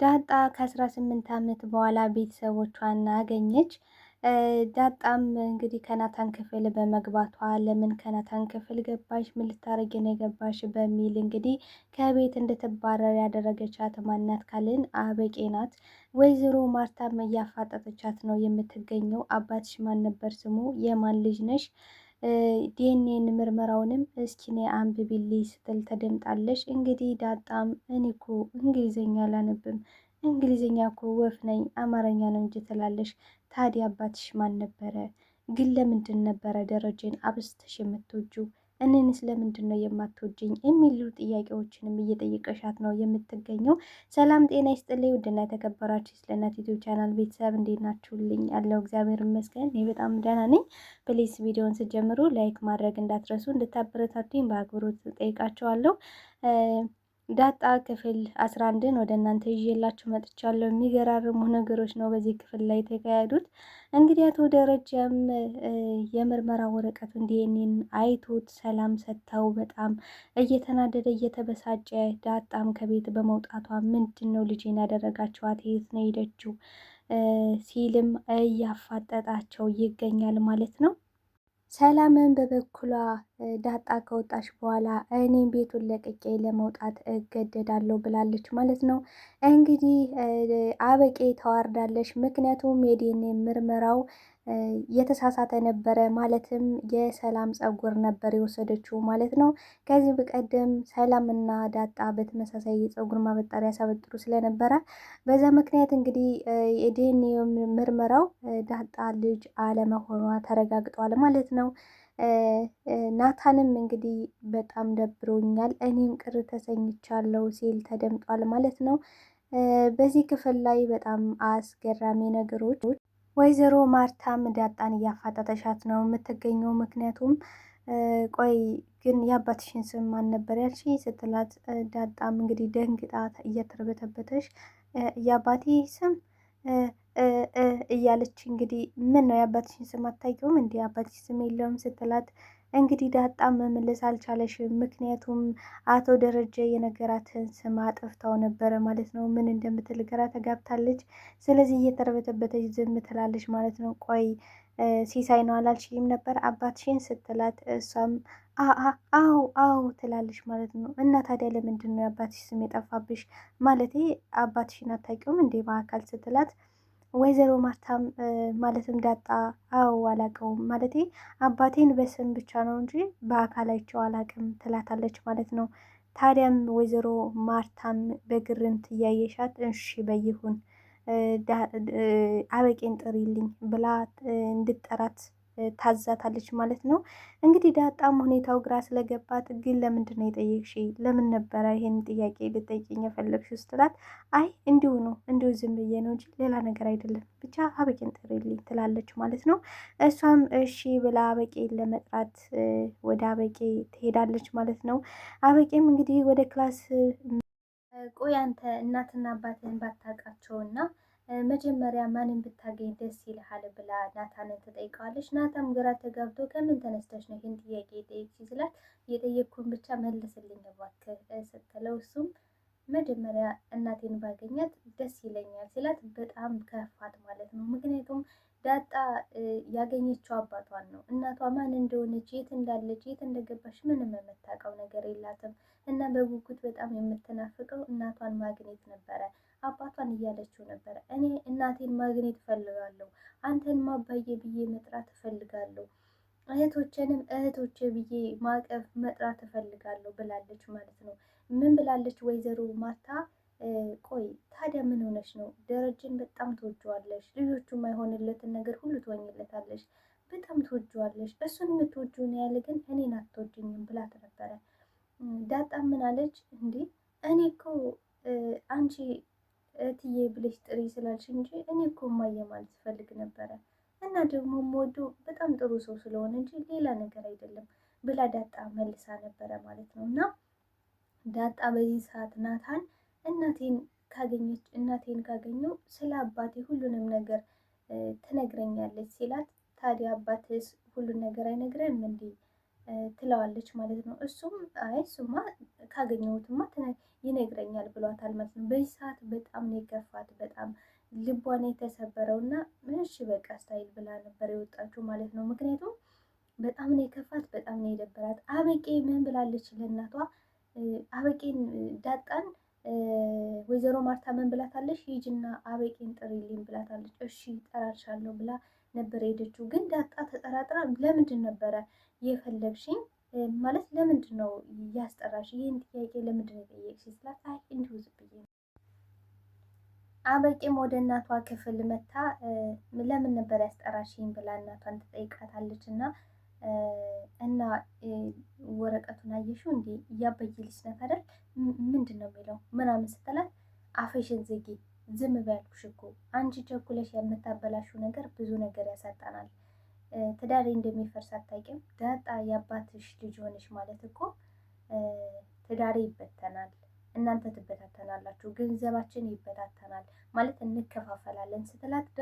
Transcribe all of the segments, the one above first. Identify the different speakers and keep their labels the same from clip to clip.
Speaker 1: ዳጣ ከ18 ዓመት በኋላ ቤተሰቦቿን አገኘች። ዳጣም እንግዲህ ከናታን ክፍል በመግባቷ ለምን ከናታን ክፍል ገባሽ? ምን ልታረጊ ነው የገባሽ? በሚል እንግዲህ ከቤት እንድትባረር ያደረገቻት ማናት ካልን አበቄ ናት። ወይዘሮ ማርታም እያፋጠጠቻት ነው የምትገኘው። አባትሽ ማን ነበር ስሙ? የማን ልጅ ነሽ? ዲኤንኤን ምርመራውንም እስኪ አንብቢልኝ ስትል ተደምጣለች። እንግዲህ ዳጣም እኔ እኮ እንግሊዝኛ አላነብም እንግሊዝኛ እኮ ወፍ ነኝ አማርኛ ነው እንጂ ትላለች። ታዲያ አባትሽ ማን ነበረ? ግን ለምንድን ነበረ ደረጀን አብስተሽ የምትወጂው? እኔንስ ለምንድን ነው የማትወጅኝ የሚሉ ጥያቄዎችንም እየጠየቀሻት ነው የምትገኘው። ሰላም ጤና ይስጥልኝ ውድና የተከበራችሁ የስለናት ዩቲዩብ ቻናል ቤተሰብ እንዴት ናችሁልኝ? ያለው እግዚአብሔር ይመስገን እኔ በጣም ደህና ነኝ። ፕሊስ ቪዲዮውን ስጀምሩ ላይክ ማድረግ እንዳትረሱ እንድታበረታቱኝ በአክብሮት ጠይቃቸዋለሁ። ዳጣ ክፍል 11ን ወደ እናንተ ይዤላችሁ መጥቻለሁ። የሚገራርሙ ነገሮች ነው በዚህ ክፍል ላይ የተካሄዱት። እንግዲህ አቶ ደረጃም የምርመራ ወረቀቱን ዲኤንኤን አይቶት ሰላም ሰጥተው በጣም እየተናደደ እየተበሳጨ፣ ዳጣም ከቤት በመውጣቷ ምንድን ነው ልጄን ያደረጋችኋት? የት ነው ሄደችው? ሲልም እያፋጠጣቸው ይገኛል ማለት ነው። ሰላምን በበኩሏ ዳጣ ከወጣች በኋላ እኔም ቤቱን ለቅቄ ለመውጣት እገደዳለሁ ብላለች ማለት ነው። እንግዲህ አበቄ ተዋርዳለች። ምክንያቱም የዲኤንኤ ምርመራው የተሳሳተ ነበረ። ማለትም የሰላም ጸጉር ነበር የወሰደችው ማለት ነው። ከዚህ በቀደም ሰላም እና ዳጣ በተመሳሳይ የጸጉር ማበጠሪያ ሲያበጥሩ ስለነበረ በዛ ምክንያት እንግዲህ የዲኤንኤ ምርመራው ዳጣ ልጅ አለመሆኗ ተረጋግጧል ማለት ነው። ናታንም እንግዲህ በጣም ደብሮኛል፣ እኔም ቅር ተሰኝቻለሁ ሲል ተደምጧል ማለት ነው። በዚህ ክፍል ላይ በጣም አስገራሚ ነገሮች ወይዘሮ ማርታም ዳጣን እያፋጠጠሻት ነው የምትገኘው። ምክንያቱም ቆይ ግን የአባትሽን ስም ማን ነበር ያልሽኝ ስትላት፣ ዳጣም እንግዲህ ደንግጣ እየተርበተበተሽ የአባቴ ስም እያለች እንግዲህ ምን ነው የአባትሽን ስም አታውቂውም እንዴ? አባትሽ ስም የለውም ስትላት እንግዲህ ዳጣ መመለስ አልቻለሽም። ምክንያቱም አቶ ደረጀ የነገራትን ስም አጥፍታው ነበረ ማለት ነው። ምን እንደምትል ግራ ተጋብታለች። ስለዚህ እየተረበተበተች ዝም ትላለች ማለት ነው። ቆይ ሲሳይ ነው አላልሽም ነበር አባትሽን ስትላት እሷም አዎ አዎ ትላለች ማለት ነው። እና ታዲያ ለምንድን ነው የአባትሽ ስም የጠፋብሽ? ማለቴ አባትሽን አታውቂውም እንዴ በአካል ስትላት ወይዘሮ ማርታም ማለትም ዳጣ አው አላቀውም ማለት አባቴን በስም ብቻ ነው እንጂ በአካላቸው አላቅም ትላታለች ማለት ነው። ታዲያም ወይዘሮ ማርታም በግርምት እያየሻት እሺ በይሁን አበቄን ጥሪልኝ ብላ እንድጠራት ታዛታለች ማለት ነው። እንግዲህ ዳጣም ሁኔታው ግራ ስለገባት ግን ለምንድን ነው የጠየቅሽ? ለምን ነበረ ይሄን ጥያቄ ልጠይቅኝ የፈለግሽ? ስትላት አይ እንዲሁ ነው እንዲሁ ዝም ብዬ ነው እንጂ ሌላ ነገር አይደለም፣ ብቻ አበቄን ጥሪልኝ ትላለች ማለት ነው። እሷም እሺ ብላ አበቄን ለመጥራት ወደ አበቄ ትሄዳለች ማለት ነው። አበቄም እንግዲህ ወደ ክላስ ቆይ አንተ እናትና አባትን ባታውቃቸውና መጀመሪያ ማንን ብታገኝ ደስ ይልሃል ብላ ናታንን ትጠይቀዋለች። ናታም ግራ ተጋብቶ ከምን ተነስተሽ ነው ይህን ጥያቄ የጠየቅሽ ስላት የጠየቅኩን ብቻ መልስልኝ እባክህ ስትለው እሱም መጀመሪያ እናቴን ባገኛት ደስ ይለኛል ሲላት በጣም ከፋት ማለት ነው። ምክንያቱም ዳጣ ያገኘችው አባቷን ነው። እናቷ ማን እንደሆነች፣ የት እንዳለች፣ የት እንደገባች ምንም የምታውቀው ነገር የላትም እና በጉጉት በጣም የምትናፍቀው እናቷን ማግኘት ነበረ። አባቷን እያለችው ነበረ። እኔ እናቴን ማግኘት እፈልጋለሁ፣ አንተን ማባዬ ብዬ መጥራት እፈልጋለሁ፣ እህቶቼንም እህቶቼ ብዬ ማቀፍ መጥራት እፈልጋለሁ ብላለች ማለት ነው። ምን ብላለች ወይዘሮ ማርታ? ቆይ ታዲያ ምን ሆነች ነው? ደረጀን በጣም ትወጂዋለሽ፣ ልጆቹ የማይሆንለትን ነገር ሁሉ ትወኝለታለሽ፣ በጣም ትወጂዋለሽ። እሱን የምትወጂው ነው ያለ፣ ግን እኔን አትወጂኝም ብላት ነበረ። ዳጣም ምን አለች? እንዴ እኔ እኮ አንቺ እትዬ ብለሽ ጥሪ ስላልሽ እንጂ እኔ እኮ እማዬ ማለት ፈልግ ነበረ እና ደግሞ ሞዶ በጣም ጥሩ ሰው ስለሆነ እንጂ ሌላ ነገር አይደለም ብላ ዳጣ መልሳ ነበረ ማለት ነው። እና ዳጣ በዚህ ሰዓት ናታን እናቴን ካገኘች እናቴን ካገኘው ስለ አባቴ ሁሉንም ነገር ትነግረኛለች ሲላት፣ ታዲያ አባትስ ሁሉን ነገር አይነግረንም እንዴ ትለዋለች ማለት ነው። እሱም አይ እሱማ ካገኘሁትማ ይነግረኛል ብሏታል ማለት ነው። በዚህ ሰዓት በጣም ነው የከፋት፣ በጣም ልቧን የተሰበረው እና እሺ በቃ ስታይል ብላ ነበር የወጣችው ማለት ነው። ምክንያቱም በጣም ነው የከፋት፣ በጣም ነው የደበራት። አበቄ ምን ብላለች ለእናቷ አበቄን ዳጣን ወይዘሮ ማርታ ምን ብላታለች? ሂጅና አበቄን ጥሪልኝ ብላታለች። እሺ እጠራልሻለሁ ብላ ነበር የሄደችው። ግን ዳጣ ተጠራጥራ ለምንድን ነበረ የፈለግሽኝ ማለት ለምንድን ነው ያስጠራሽ? ይህን ጥያቄ ለምንድን ነው የጠየቅሽኝ ስላት አይ እንዲሁ ዝም ብዬ ነው። አበቂም ወደ እናቷ ክፍል መታ ለምን ነበር ያስጠራሽኝ ብላ እናቷን ትጠይቃታለች እና እና ወረቀቱን አየሽው እንዴ እያበየ ልጅ ነፈረል ምንድን ነው የሚለው ምናምን ስትላት አፈሽን ዝጊ ዝም በያልኩሽ እኮ አንቺ ቸኩለሽ የምታበላሹ ነገር ብዙ ነገር ያሳጣናል ትዳሬ እንደሚፈርስ አታውቂም። ዳጣ የአባትሽ ልጅ ሆነሽ ማለት እኮ ትዳሬ ይበተናል፣ እናንተ ትበታተናላችሁ፣ ገንዘባችን ይበታተናል ማለት እንከፋፈላለን ስትላት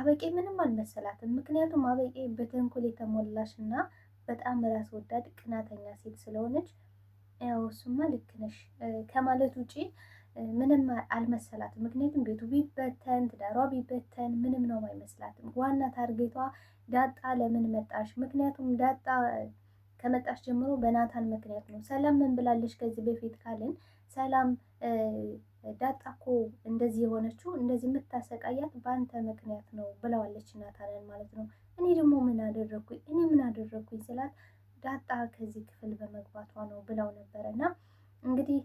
Speaker 1: አበቄ ምንም አልመሰላትም። ምክንያቱም አበቄ በተንኮል የተሞላሽ እና በጣም ራስ ወዳድ ቅናተኛ ሴት ስለሆነች ያው እሱማ ልክ ነሽ ከማለት ውጪ ምንም አልመሰላትም። ምክንያቱም ቤቱ ቢበተን ትዳሯ ቢበተን ምንም ነው አይመስላትም። ዋና ታርጌቷ ዳጣ ለምን መጣሽ? ምክንያቱም ዳጣ ከመጣሽ ጀምሮ በናታን ምክንያት ነው። ሰላም ምን ብላለች? ከዚህ በፊት ካልን ሰላም ዳጣ እኮ እንደዚህ የሆነችው እንደዚህ የምታሰቃያት በአንተ ምክንያት ነው ብለዋለች ናታንን ማለት ነው። እኔ ደግሞ ምን አደረግኩኝ? እኔ ምን አደረግኩኝ ስላት ዳጣ ከዚህ ክፍል በመግባቷ ነው ብለው ነበረ እና እንግዲህ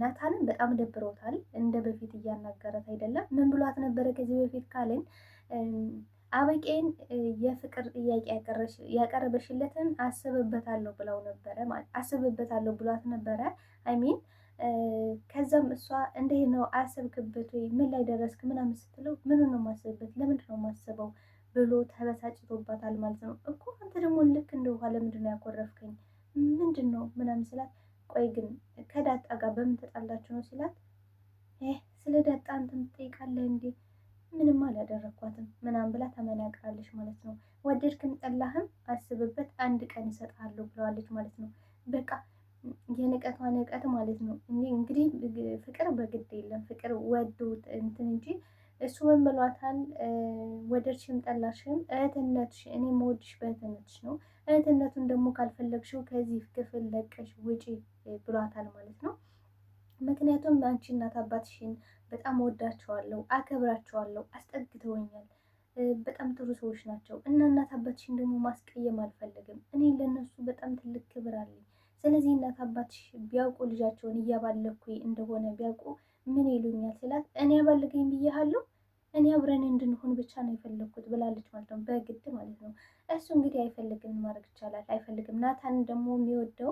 Speaker 1: ናታንን በጣም ደብሮታል። እንደ በፊት እያናገረት አይደለም። ምን ብሏት ነበረ ከዚህ በፊት ካልን አበቄን የፍቅር ጥያቄ ያቀረበሽለትን አስብበታለሁ ብለው ነበረ አስብበታለሁ ብሏት ነበረ አይሚን ከዛም እሷ እንዴት ነው አሰብክበት ወይ ምን ላይ ደረስክ ምናምን ስትለው ምኑ ነው ማስብበት ለምንድን ነው ማስበው ብሎ ተበሳጭቶባታል ማለት ነው እኮ አንተ ደግሞ ልክ ውሃ ለምንድን ነው ያኮረፍከኝ ምንድን ነው ምናምን ስላት፣ ቆይ ግን ከዳጣ ጋር በምን ተጣላችሁ ነው ሲላት፣ ስለ ዳጣ አንተም ትጠይቃለህ እንዴ? ምንም አላደረግኳትም ምናምን ብላ ተመናቅራለች ማለት ነው። ወደድክም ጠላህም አስብበት፣ አንድ ቀን ይሰጣሉ ብለዋለች ማለት ነው። በቃ የንቀቷ ንቀት ማለት ነው። እንግዲህ ፍቅር በግድ የለም ፍቅር ወዶ እንትን እንጂ እሱ ምን ብሏታል? ወደድሽም ጠላሽም እህትነትሽ እኔ መወድሽ በእህትነትሽ ነው። እህትነቱን ደግሞ ካልፈለግሽው ከዚህ ክፍል ለቀሽ ውጪ ብሏታል ማለት ነው። ምክንያቱም አንቺ እናት አባትሽን በጣም ወዳቸዋለሁ፣ አከብራቸዋለሁ፣ አስጠግተውኛል። በጣም ጥሩ ሰዎች ናቸው እና እናት አባትሽን ደግሞ ማስቀየም አልፈልግም። እኔ ለእነሱ በጣም ትልቅ ክብር አለኝ። ስለዚህ እናት አባትሽ ቢያውቁ ልጃቸውን እያባለኩ እንደሆነ ቢያውቁ ምን ይሉኛል ስላት እኔ አባልገኝ ብያሃለሁ እኔ አብረን እንድንሆን ብቻ ነው የፈለግኩት ብላለች ማለት ነው፣ በግድ ማለት ነው። እሱ እንግዲህ አይፈልግም ማድረግ ይቻላል፣ አይፈልግም። ናታን ደግሞ የሚወደው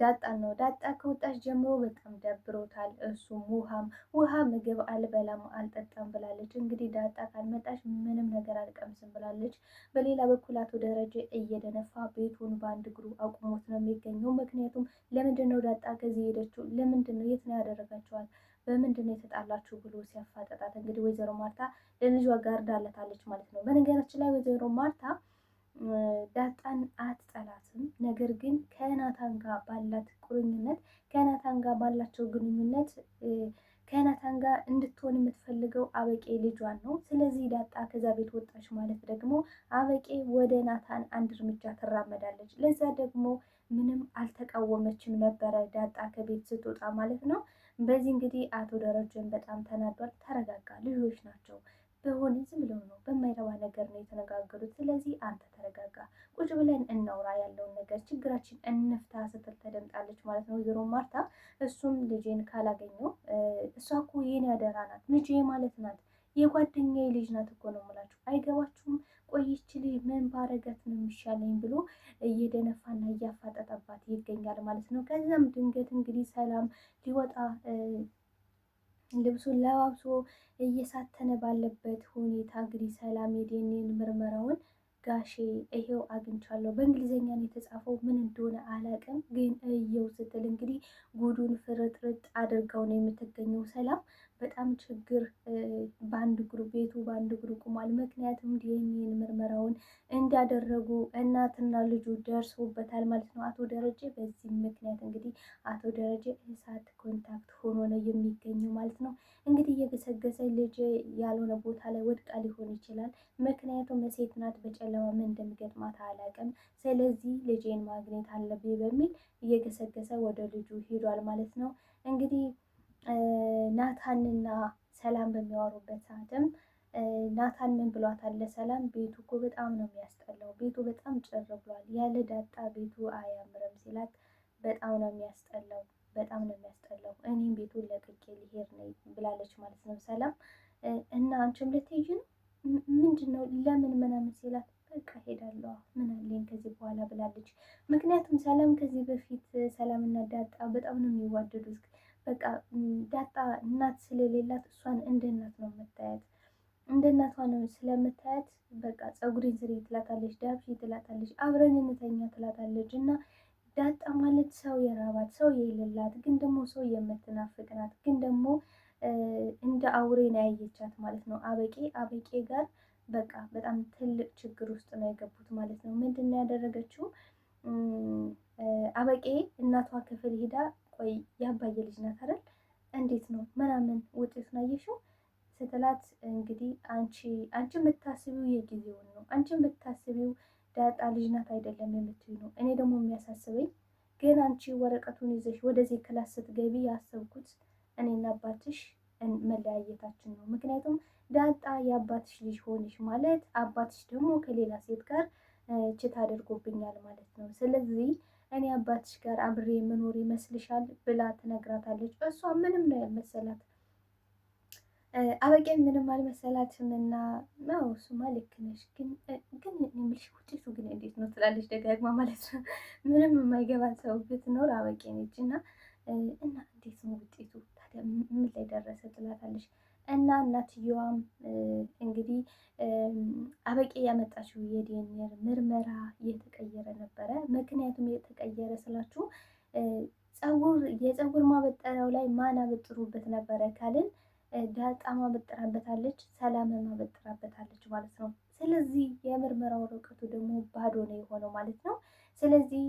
Speaker 1: ዳጣን ነው። ዳጣ ከወጣች ጀምሮ በጣም ደብሮታል። እሱም ውሃም ውሃ ምግብ አልበላም አልጠጣም ብላለች። እንግዲህ ዳጣ ካልመጣች ምንም ነገር አልቀምስም ብላለች። በሌላ በኩል አቶ ደረጀ እየደነፋ ቤቱን በአንድ እግሩ አቁሞት ነው የሚገኘው። ምክንያቱም ለምንድን ነው ዳጣ ከዚህ ሄደችው? ለምንድን ነው የት ነው ያደረጋቸዋል? በምንድን ነው የተጣላችሁ ብሎ ሲያፋጠጣት እንግዲህ ወይዘሮ ማርታ ለልጇ ጋርዳለታለች ማለት ነው። በነገራችን ላይ ወይዘሮ ማርታ ዳጣን አትጠላትም። ነገር ግን ከናታን ጋር ባላት ቁርኝነት ከናታን ጋር ባላቸው ግንኙነት ከናታን ጋር እንድትሆን የምትፈልገው አበቄ ልጇን ነው። ስለዚህ ዳጣ ከዛ ቤት ወጣች ማለት ደግሞ አበቄ ወደ ናታን አንድ እርምጃ ትራመዳለች። ለዛ ደግሞ ምንም አልተቃወመችም ነበረ ዳጣ ከቤት ስትወጣ ማለት ነው። በዚህ እንግዲህ አቶ ደረጀን በጣም ተናዷል። ተረጋጋ፣ ልጆች ናቸው በሆነ ዝም ብለው ነው በማይረባ ነገር ነው የተነጋገሩት። ስለዚህ አንተ ተረጋጋ፣ ቁጭ ብለን እናውራ፣ ያለውን ነገር ችግራችን እንፍታ ስትል ተደምጣለች ማለት ነው ወይዘሮ ማርታ። እሱም ልጄን ካላገኘው እሷ እኮ የኔ አደራ ናት ልጄ ማለት ናት የጓደኛዬ ልጅ ናት እኮ ነው የምላችሁ። አይገባችሁም? ቆይች ልጅ ምን ባረጋት ነው የሚሻለኝ ብሎ እየደነፋና እያፋጠጠባት ይገኛል ማለት ነው። ከዚያም ድንገት እንግዲህ ሰላም ሊወጣ ልብሱን ለባብሶ እየሳተነ ባለበት ሁኔታ እንግዲህ ሰላም የዴኔን ምርመራውን ጋሼ ይሄው አግኝቻለሁ፣ በእንግሊዝኛ ነው የተጻፈው፣ ምን እንደሆነ አላውቅም፣ ግን እየው ስትል እንግዲህ ጉዱን ፍርጥርጥ አድርገው ነው የምትገኘው ሰላም በጣም ችግር በአንድ እግሩ ቤቱ በአንድ እግሩ ቁሟል። ምክንያቱም ዲኤንኤ ምርመራውን እንዲያደረጉ እናትና ልጁ ደርሶበታል ማለት ነው። አቶ ደረጀ በዚህ ምክንያት እንግዲህ አቶ ደረጀ እሳት ኮንታክት ሆኖ ነው የሚገኘው ማለት ነው። እንግዲህ እየገሰገሰ ልጅ ያልሆነ ቦታ ላይ ወድቃ ሊሆን ይችላል። ምክንያቱም ሴት ናት፣ በጨለማ ምን እንደሚገጥማት አላውቅም። ስለዚህ ልጄን ማግኘት አለብኝ በሚል እየገሰገሰ ወደ ልጁ ሄዷል ማለት ነው እንግዲህ ናታንና ሰላም በሚያወሩበት ሰዓትም ናታን ምን ብሏታል ለሰላም? ቤቱ እኮ በጣም ነው የሚያስጠላው፣ ቤቱ በጣም ጭር ብሏል፣ ያለ ዳጣ ቤቱ አያምርም ሲላት፣ በጣም ነው የሚያስጠላው፣ በጣም ነው የሚያስጠላው፣ እኔም ቤቱን ለቅቄ ልሄድ ነው ብላለች ማለት ነው ሰላም። እና አንቺም ልትሄጂ ነው ፀጉሬን ስሪ ትላታለች፣ ዳብሽ ትላታለች፣ አብረን እንተኛ ትላታለች። እና ዳጣ ማለት ሰው የራባት ሰው የሌላት ግን ደግሞ ሰው የምትናፍቅናት ግን ደግሞ እንደ አውሬ ነው ያየቻት ማለት ነው። አበቄ አበቄ ጋር በቃ በጣም ትልቅ ችግር ውስጥ ነው የገቡት ማለት ነው። ምንድን ነው ያደረገችው? አበቄ እናቷ ክፍል ሂዳ ቆይ ያባየ ልጅ ናት አይደል? እንዴት ነው ምናምን ውጤቱን አየሽው? ስትላት እንግዲህ አንቺ አንቺ የምታስቢው የጊዜውን ነው፣ አንቺ የምታስቢው ዳጣ ልጅ ናት አይደለም የምትይው ነው። እኔ ደግሞ የሚያሳስበኝ ግን አንቺ ወረቀቱን ይዘሽ ወደዚህ ክላስ ስትገቢ ያሰብኩት እኔና አባትሽ መለያየታችን ነው። ምክንያቱም ዳጣ የአባትሽ ልጅ ሆንሽ ማለት አባትሽ ደግሞ ከሌላ ሴት ጋር ችት አድርጎብኛል ማለት ነው። ስለዚህ እኔ አባትሽ ጋር አብሬ የምኖር ይመስልሻል ብላ ትነግራታለች። እሷ ምንም ነው አበቄ ምንም አልመሰላትም እና ነው እሱማ ልክ ነሽ፣ ግን ግን ውጤቱ ግን እንዴት ነው ትላለች ደጋግማ ማለት ነው። ምንም የማይገባ ሰው ብትኖር አበቄ ነች እና እና እንዴት ነው ውጤቱ ታዲያ ምን ላይ ደረሰ ትላታለች። እና እናትየዋም እንግዲህ አበቄ ያመጣችው የዲኤንኤ ምርመራ እየተቀየረ ነበረ። ምክንያቱም እየተቀየረ ስላችሁ ጸጉር የጸጉር ማበጠሪያው ላይ ማን አበጥሩበት ነበረ ካልን ዳጣም አበጥራበታለች፣ ሰላምም በጥራበታለች ማለት ነው። ስለዚህ የምርመራ ወረቀቱ ደግሞ ባዶ ነው የሆነው ማለት ነው። ስለዚህ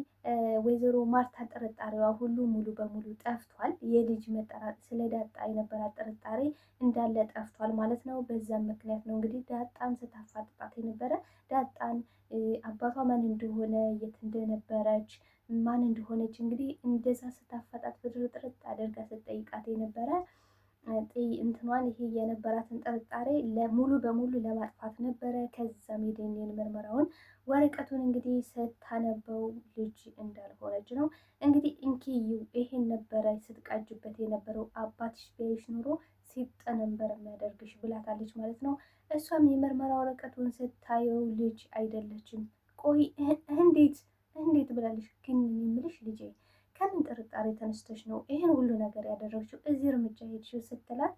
Speaker 1: ወይዘሮ ማርታ ጥርጣሬዋ ሁሉ ሙሉ በሙሉ ጠፍቷል። የልጅ መጠራት ስለ ዳጣ የነበራት ጥርጣሬ እንዳለ ጠፍቷል ማለት ነው። በዛም ምክንያት ነው እንግዲህ ዳጣን ስታፋጥጣት የነበረ ዳጣን አባቷ ማን እንደሆነ የት እንደነበረች ማን እንደሆነች እንግዲህ እንደዛ ስታፋጣት ጥርጥ አድርጋ ስትጠይቃት የነበረ እንትኗን ይሄ የነበራትን ጥርጣሬ ሙሉ በሙሉ ለማጥፋት ነበረ። ከዛም የደኔን ምርመራውን ወረቀቱን እንግዲህ ስታነበው ልጅ እንዳልሆነች ነው እንግዲህ እንኪዩ ይሄን ነበረ ስትቃጅበት የነበረው አባትሽ ቢያይሽ ኑሮ ሲጠነበር የሚያደርግሽ ብላታለች ማለት ነው። እሷም የምርመራ ወረቀቱን ስታየው ልጅ አይደለችም። ቆይ እንዴት እንዴት ብላለች። ግን የምልሽ ልጄ ከምን ጥርጣሬ ተነስተሽ ነው ይህን ሁሉ ነገር ያደረግችው እዚህ እርምጃ ሄድሽው? ስትላት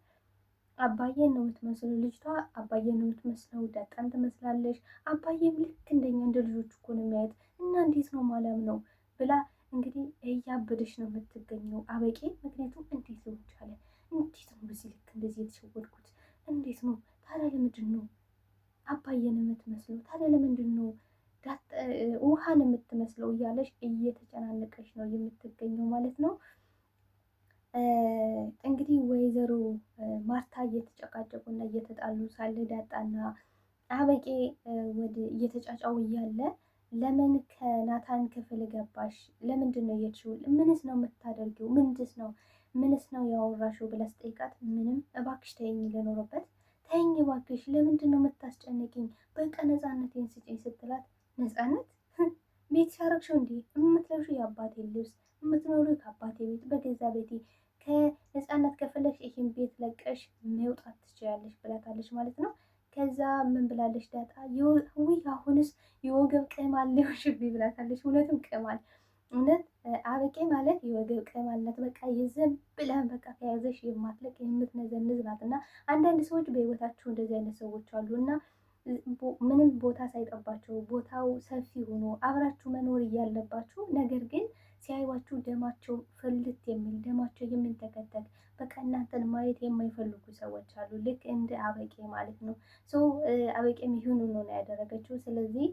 Speaker 1: አባዬን ነው የምትመስለው ልጅቷ፣ አባዬን ነው የምትመስለው፣ ዳጣን ትመስላለች። አባዬም ልክ እንደኛ እንደ ልጆች እኮ ነው የሚያየት እና እንዴት ነው ማለም ነው ብላ እንግዲህ እያበደች ነው የምትገኘው አበቄ። ምክንያቱም እንዴት ሊሆን ይቻለ? እንዴት ነው በዚህ ልክ እንደዚህ የተሸወድኩት? እንዴት ነው ታዲያ? ለምንድን ነው አባዬን የምትመስለው? ታዲያ ለምንድን ነው ውሃን የምትመስለው? እያለች እየተ እየተጣሉ ሳለ ዳጣና አበቄ እየተጫጫው እያለ ለምን ከናታን ክፍል ገባሽ? ለምንድን ነው የሄድሽው? ምንስ ነው የምታደርጊው? ምንድስ ነው ምንስ ነው ያወራሽው? ብለስ ጠይቃት። ምንም እባክሽ ተይኝ፣ ልኖርበት ተይኝ እባክሽ፣ ለምንድን ነው የምታስጨንቅኝ? በቃ ነፃነቴን ስጪኝ ስትላት ነፃነት ቤት ሲያረግሽው እንዲህ የምትለብሹ የአባቴ ልብስ የምትኖሪው ከአባቴ ቤት በገዛ ቤቴ ከህፃናት ከፈለሽ ይህን ቤት ለቀሽ መውጣት ትችላለሽ ብላታለች ማለት ነው። ከዛ ምን ብላለች ዳጣ ውይ አሁንስ የወገብ ቅማል ሊሆንሽብኝ ብላታለች። እውነትም ቅማል እውነት አበቄ ማለት የወገብ ቅማልነት በቃ የዘን ብለን በቃ ተያዘሽ የማትለቅ የምትነዘንዝ ናት። እና አንዳንድ ሰዎች በህይወታችሁ እንደዚህ አይነት ሰዎች አሉ እና ምንም ቦታ ሳይጠባቸው ቦታው ሰፊ ሆኖ አብራችሁ መኖር እያለባችሁ ነገር ግን ሲያዩዋችሁ ደማቸው ፍልት የሚል ደማቸው የሚንተከተክ በቃ እናንተን ማየት የማይፈልጉ ሰዎች አሉ። ልክ እንደ አበቄ ማለት ነው። ሰው አበቄም ይሁን ነው ያደረገችው። ስለዚህ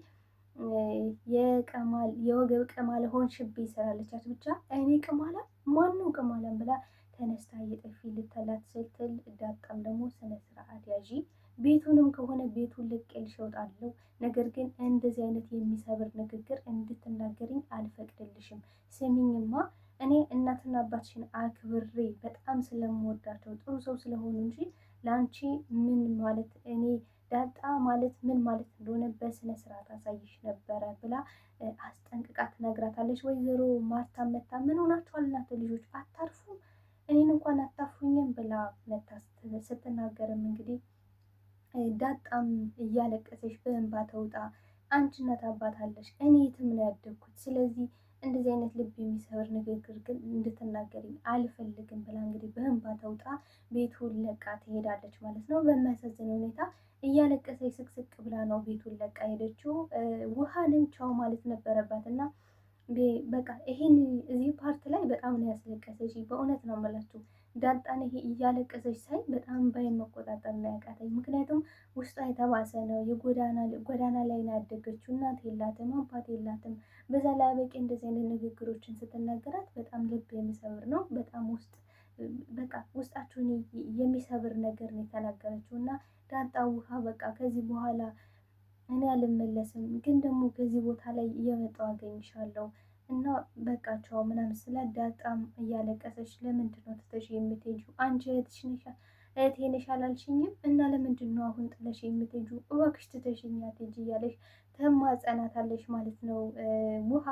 Speaker 1: የቀማል የወገብ ቅማል ሽብ ይሰራለቻት ብቻ እኔ ቅማላ ማነው ቅማላም ብላ ተነስታ የጥፊ ልትላት ስትል ዳጣም ደግሞ ስነ ስርዓት ያዢ ቤቱንም ከሆነ ቤቱን ልቅልሽ እወጣለሁ። ነገር ግን እንደዚህ አይነት የሚሰብር ንግግር እንድትናገርኝ አልፈቅድልሽም። ስሚኝማ እኔ እናትና አባትሽን አክብሬ በጣም ስለምወዳቸው ጥሩ ሰው ስለሆኑ እንጂ ለአንቺ ምን ማለት እኔ ዳጣ ማለት ምን ማለት እንደሆነ በስነ ስርዓት አሳይሽ ነበረ ብላ አስጠንቅቃ ትነግራታለች። ወይዘሮ ማርታ መታ ምን ሆናችኋል እናንተ ልጆች አታርፉም? እኔን እንኳን አታፉኝም ብላ መታ ስትናገርም እንግዲህ ዳጣም እያለቀሰች በእንባ ተውጣ አንቺ እናት አባት አለሽ፣ እኔ የትም ነው ያደግኩት። ስለዚህ እንደዚህ አይነት ልብ የሚሰብር ንግግር ግን እንድትናገሪ አልፈልግም ብላ እንግዲህ በእንባ ተውጣ ቤቱን ለቃ ትሄዳለች ማለት ነው። በሚያሳዝን ሁኔታ እያለቀሰች ስቅስቅ ብላ ነው ቤቱን ለቃ ሄደችው። ውሃንም ቻው ማለት ነበረባት እና በቃ ይሄን እዚህ ፓርት ላይ በጣም ነው ያስለቀሰች። በእውነት ነው የምላችሁ ዳልጣን ይሄ እያለቀሰች ሳይ በጣም ባይን መቆጣጠር ነው ያቃተኝ። ምክንያቱም ውስጧ የተባሰ ነው። የጎዳና ላይ ነው ያደገችው። እናት የላትም፣ አባት የላትም። በዛ ላይ በቂ እንደዚህ አይነት ንግግሮችን ስትናገራት በጣም ልብ የሚሰብር ነው። በጣም ውስጥ በቃ ውስጣችሁን የሚሰብር ነገር ነው የተናገረችው እና ዳልጣ ውሃ በቃ ከዚህ በኋላ እኔ አልመለስም፣ ግን ደግሞ ከዚህ ቦታ ላይ እየመጣሁ አገኝሻለሁ እና በቃቸው ምናምን ስለ ዳጣም እያለቀሰች ለምንድን ነው ትተሽ የምትሄጂው? አንቺ እህትሽ ነሽ እህቴ ነሽ አላልሽኝም? እና ለምንድን ነው አሁን ጥለሽ የምትሄጂው? እባክሽ ትተሽኛ ትሄጂ እያለሽ ተማጸናታለሽ ማለት ነው ውሃ።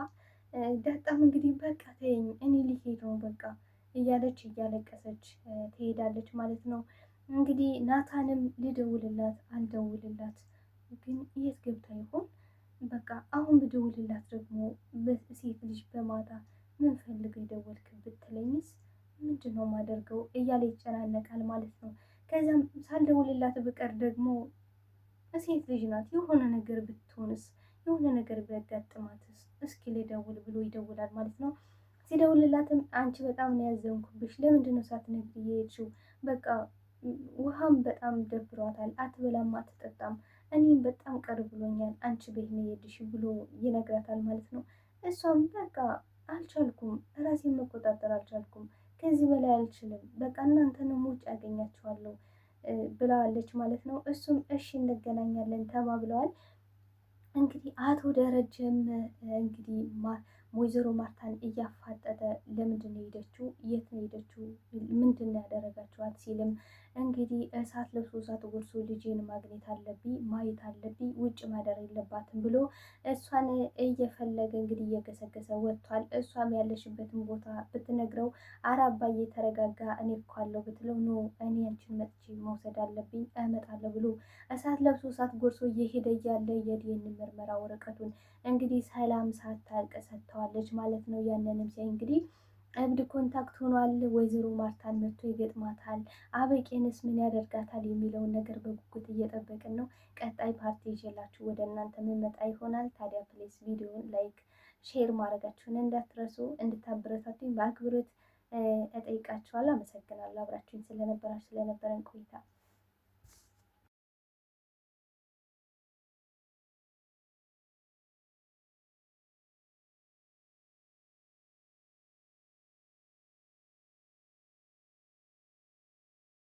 Speaker 1: ዳጣም እንግዲህ በቃ ተይኝ እኔ ሊሄድ ነው በቃ እያለች እያለቀሰች ትሄዳለች ማለት ነው። እንግዲህ ናታንም ልደውልላት አልደውልላት ግን የት ገብታ ይሆን? በቃ አሁን ብደውልላት ደግሞ ሴት ልጅ በማታ ምን ፈልገ የደወልክ ብትለኝስ ምንድን ነው ማደርገው እያለ ይጨናነቃል ማለት ነው። ከዚያም ሳልደውልላት ብቀር ደግሞ ሴት ልጅ ናት፣ የሆነ ነገር ብትሆንስ፣ የሆነ ነገር ቢያጋጥማትስ፣ እስኪ ልደውል ብሎ ይደውላል ማለት ነው። ሲደውልላትም አንቺ በጣም ነው ያዘንኩብሽ፣ ለምንድን ነው ሳትነግሪኝ የሄድሽው? በቃ ውሃም በጣም ደብሯታል፣ አትበላም፣ አትጠጣም እኔም በጣም ቅር ብሎኛል አንቺ ቤት መሄድሽ ብሎ ይነግራታል ማለት ነው። እሷም በቃ አልቻልኩም፣ ራሴን መቆጣጠር አልቻልኩም፣ ከዚህ በላይ አልችልም፣ በቃ እናንተንም ውጭ ያገኛችኋለሁ ብለዋለች ማለት ነው። እሱም እሺ እንገናኛለን ተባብለዋል። እንግዲህ አቶ ደረጀም እንግዲህ ወይዘሮ ማርታን እያፋጠጠ ለምንድን ነው የሄደችው? የት ነው የሄደችው? ምንድን ነው ያደረጋችኋት? ሲልም እንግዲህ እሳት ለብሶ እሳት ጎርሶ ልጄን ማግኘት አለብኝ፣ ማየት አለብኝ፣ ውጭ ማደር የለባትም ብሎ እሷን እየፈለገ እንግዲህ እየገሰገሰ ወጥቷል። እሷም ያለሽበትን ቦታ ብትነግረው አራባ እየተረጋጋ እኔ እኮ አለው ብትለው ኖ እኔ ያንቺን መጥቼ መውሰድ አለብኝ እመጣለሁ ብሎ እሳት ለብሶ እሳት ጎርሶ እየሄደ እያለ የዲኤንኤ ምርመራ ወረቀቱን እንግዲህ ሰላም ሳታልቅ ሰጥተዋለች ማለት ነው። ያንንም ሲያይ እንግዲህ እብድ ኮንታክት ሆኗል። ወይዘሮ ማርታን መጥቶ ይገጥማታል። አበቄንስ ምን ያደርጋታል የሚለውን ነገር በጉጉት እየጠበቅን ነው። ቀጣይ ፓርቲ ይዤላችሁ ወደ እናንተ መመጣ ይሆናል። ታዲያ ፕሌስ ቪዲዮን ላይክ፣ ሼር ማድረጋችሁን እንዳትረሱ። እንድታበረታቱኝ በአክብሮት እጠይቃችኋለሁ። አመሰግናለሁ አብራችሁን ስለነበራችሁ ስለነበረን ቆይታ